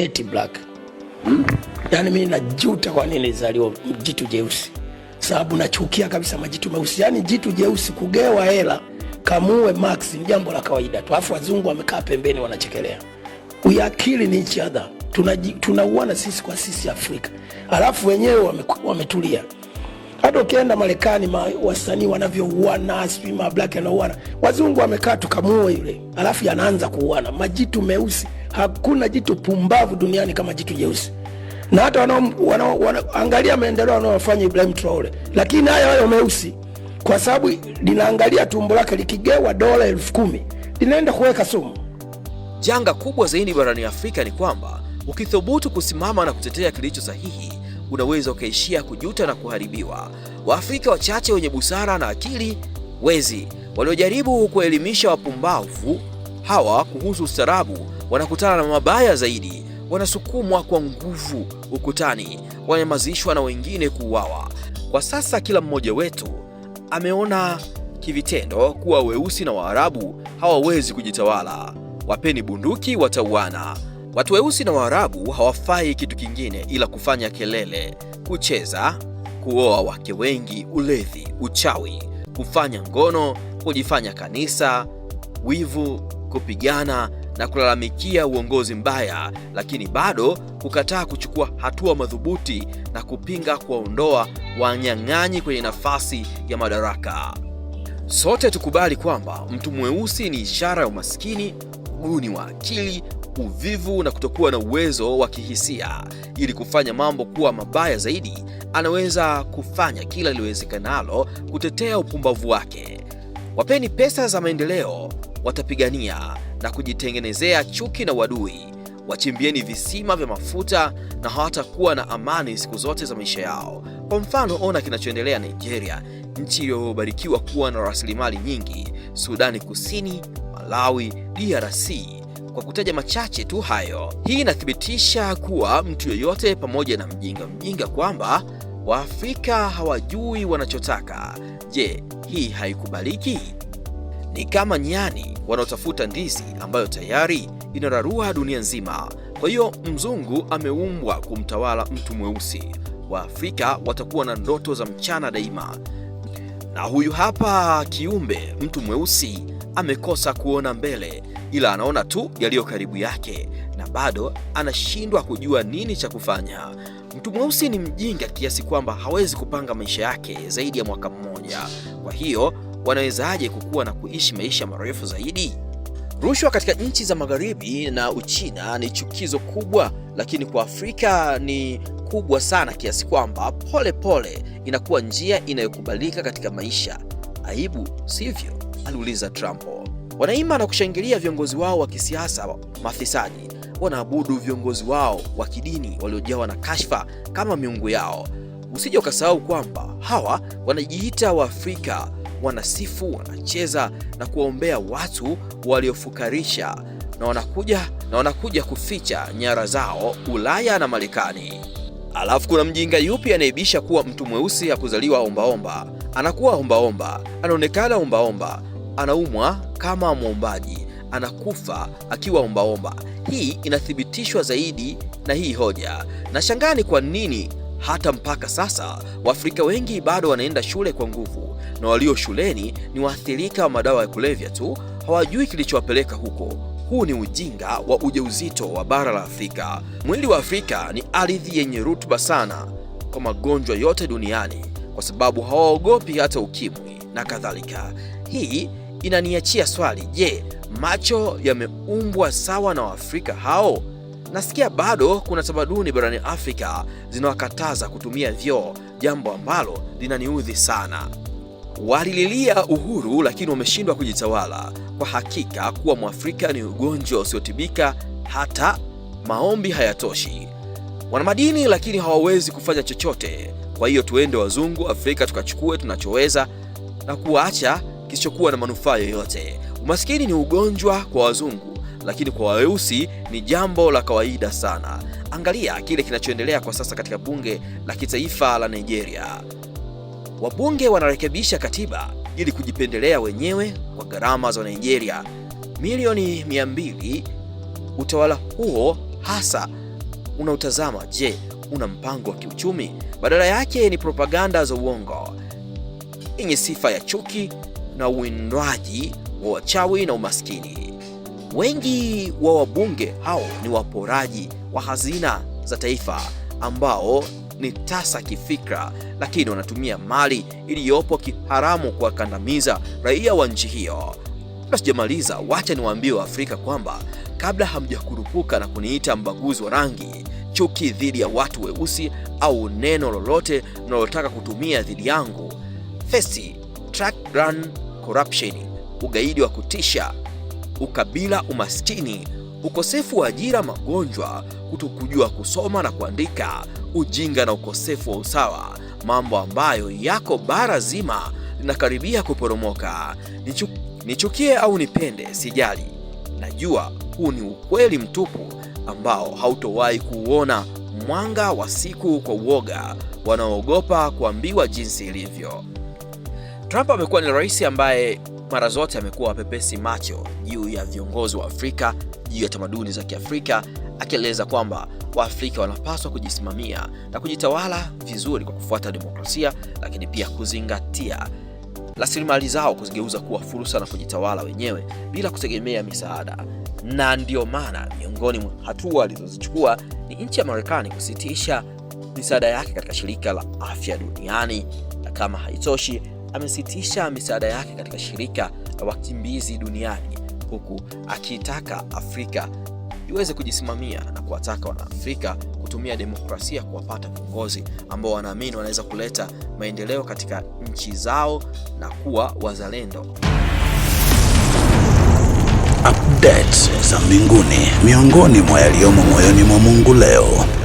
hate black hmm? Yani mimi najuta kwa nini nilizaliwa jitu jeusi, sababu nachukia kabisa majitu meusi. Yani jitu jeusi kugewa hela kamue Max ni jambo la kawaida tu, afu wazungu wamekaa pembeni wanachekelea. We are killing each other, tunauana sisi kwa sisi Afrika, alafu wenyewe wametulia wame hata ukienda Marekani ma, wasanii wanavyouana sijui mablaki anauana, wazungu wamekaa tukamua yule, alafu yanaanza kuuana majitu meusi. Hakuna jitu pumbavu duniani kama jitu jeusi, na hata wanaangalia maendeleo wanaofanya Ibrahim Traore, lakini haya hayo meusi, kwa sababu linaangalia tumbo lake likigewa dola elfu kumi linaenda kuweka sumu. Janga kubwa zaidi barani Afrika ni kwamba ukithubutu kusimama na kutetea kilicho sahihi unaweza ukaishia kujuta na kuharibiwa. Waafrika wachache wenye busara na akili, wezi waliojaribu kuelimisha wapumbavu hawa kuhusu ustaarabu wanakutana na mabaya zaidi, wanasukumwa kwa nguvu ukutani, wanyamazishwa na wengine kuuawa. Kwa sasa kila mmoja wetu ameona kivitendo kuwa weusi na Waarabu hawawezi kujitawala. Wapeni bunduki, watauana. Watu weusi na Waarabu hawafai kitu kingine ila kufanya kelele, kucheza, kuoa wake wengi, ulevi, uchawi, kufanya ngono, kujifanya kanisa, wivu kupigana na kulalamikia uongozi mbaya, lakini bado kukataa kuchukua hatua madhubuti na kupinga kuwaondoa wanyang'anyi kwenye nafasi ya madaraka. Sote tukubali kwamba mtu mweusi ni ishara ya umaskini, uguni wa akili, uvivu na kutokuwa na uwezo wa kihisia. Ili kufanya mambo kuwa mabaya zaidi, anaweza kufanya kila liliwezekanalo kutetea upumbavu wake. Wapeni pesa za maendeleo watapigania na kujitengenezea chuki na uadui, wachimbieni visima vya mafuta na hawatakuwa na amani siku zote za maisha yao. Kwa mfano, ona kinachoendelea Nigeria, nchi iliyobarikiwa kuwa na rasilimali nyingi, Sudani Kusini, Malawi, DRC kwa kutaja machache tu hayo. Hii inathibitisha kuwa mtu yeyote pamoja na mjinga mjinga kwamba Waafrika hawajui wanachotaka. Je, hii haikubaliki? Ni kama nyani wanaotafuta ndizi ambayo tayari inararua dunia nzima. Kwa hiyo mzungu ameumbwa kumtawala mtu mweusi. Waafrika watakuwa na ndoto za mchana daima, na huyu hapa kiumbe mtu mweusi amekosa kuona mbele, ila anaona tu yaliyo karibu yake, na bado anashindwa kujua nini cha kufanya. Mtu mweusi ni mjinga kiasi kwamba hawezi kupanga maisha yake zaidi ya mwaka mmoja. Kwa hiyo wanawezaje kukua na kuishi maisha marefu zaidi? Rushwa katika nchi za Magharibi na Uchina ni chukizo kubwa, lakini kwa Afrika ni kubwa sana kiasi kwamba pole pole inakuwa njia inayokubalika katika maisha. Aibu, sivyo? aliuliza Trump. Wanaima na kushangilia viongozi wao wa kisiasa mafisadi, wanaabudu viongozi wao wa kidini waliojawa na kashfa kama miungu yao. Usije ukasahau kwamba hawa wanajiita Waafrika wanasifu, wanacheza na kuwaombea watu waliofukarisha na wanakuja, na wanakuja kuficha nyara zao Ulaya na Marekani. Alafu kuna mjinga yupi anaibisha kuwa mtu mweusi hakuzaliwa ombaomba? Anakuwa ombaomba, anaonekana ombaomba, anaumwa kama mwombaji, anakufa akiwa ombaomba. Hii inathibitishwa zaidi na hii hoja. Nashangaa ni kwa nini hata mpaka sasa Waafrika wengi bado wanaenda shule kwa nguvu, na walio shuleni ni waathirika wa madawa ya kulevya tu, hawajui kilichowapeleka huko. Huu ni ujinga wa ujauzito wa bara la Afrika. Mwili wa Afrika ni ardhi yenye rutuba sana kwa magonjwa yote duniani, kwa sababu hawaogopi hata ukimwi na kadhalika. Hii inaniachia swali, je, macho yameumbwa sawa na Waafrika hao? Nasikia bado kuna tamaduni barani Afrika zinawakataza kutumia vyoo, jambo ambalo linaniudhi sana. Walililia uhuru lakini wameshindwa kujitawala. Kwa hakika kuwa Mwafrika ni ugonjwa usiotibika, hata maombi hayatoshi. Wana madini lakini hawawezi kufanya chochote. Kwa hiyo tuende wazungu Afrika tukachukue tunachoweza na kuacha kisichokuwa na manufaa yoyote. Umaskini ni ugonjwa kwa wazungu lakini kwa weusi ni jambo la kawaida sana. Angalia kile kinachoendelea kwa sasa katika bunge la kitaifa la Nigeria. Wabunge wanarekebisha katiba ili kujipendelea wenyewe kwa gharama za Nigeria milioni mbili. Utawala huo hasa unautazama, je, una mpango wa kiuchumi? Badala yake ni propaganda za uongo yenye sifa ya chuki na uwindwaji wa wachawi na umaskini. Wengi wa wabunge hao ni waporaji wa hazina za taifa ambao ni tasa kifikra, lakini wanatumia mali iliyopo kiharamu kuwakandamiza raia wa nchi hiyo. Kabla sijamaliza, wacha niwaambie Waafrika kwamba kabla hamjakurupuka na kuniita mbaguzi wa rangi, chuki dhidi ya watu weusi au neno lolote mnalotaka kutumia dhidi yangu, fesi Track Run Corruption, ugaidi wa kutisha ukabila, umaskini, ukosefu wa ajira, magonjwa, kutokujua kusoma na kuandika, ujinga na ukosefu wa usawa, mambo ambayo yako bara zima linakaribia kuporomoka. Nichu, nichukie au nipende, sijali, najua huu ni ukweli mtupu ambao hautowahi kuuona mwanga wa siku kwa uoga wanaoogopa kuambiwa jinsi ilivyo. Trump amekuwa ni rais ambaye mara zote amekuwa wapepesi macho juu ya viongozi wa Afrika, juu ya tamaduni za Kiafrika, akieleza kwamba Waafrika wanapaswa kujisimamia na kujitawala vizuri kwa kufuata demokrasia, lakini pia kuzingatia rasilimali zao, kuzigeuza kuwa fursa na kujitawala wenyewe bila kutegemea misaada. Na ndio maana miongoni mwa hatua alizozichukua ni nchi ya Marekani kusitisha misaada yake katika shirika la afya duniani, na kama haitoshi amesitisha misaada yake katika shirika la wakimbizi duniani huku akiitaka Afrika iweze kujisimamia na kuwataka Wanaafrika kutumia demokrasia kuwapata viongozi ambao wanaamini wanaweza kuleta maendeleo katika nchi zao na kuwa wazalendo. Update za mbinguni, miongoni mwa yaliyomo moyoni mwa Mungu leo.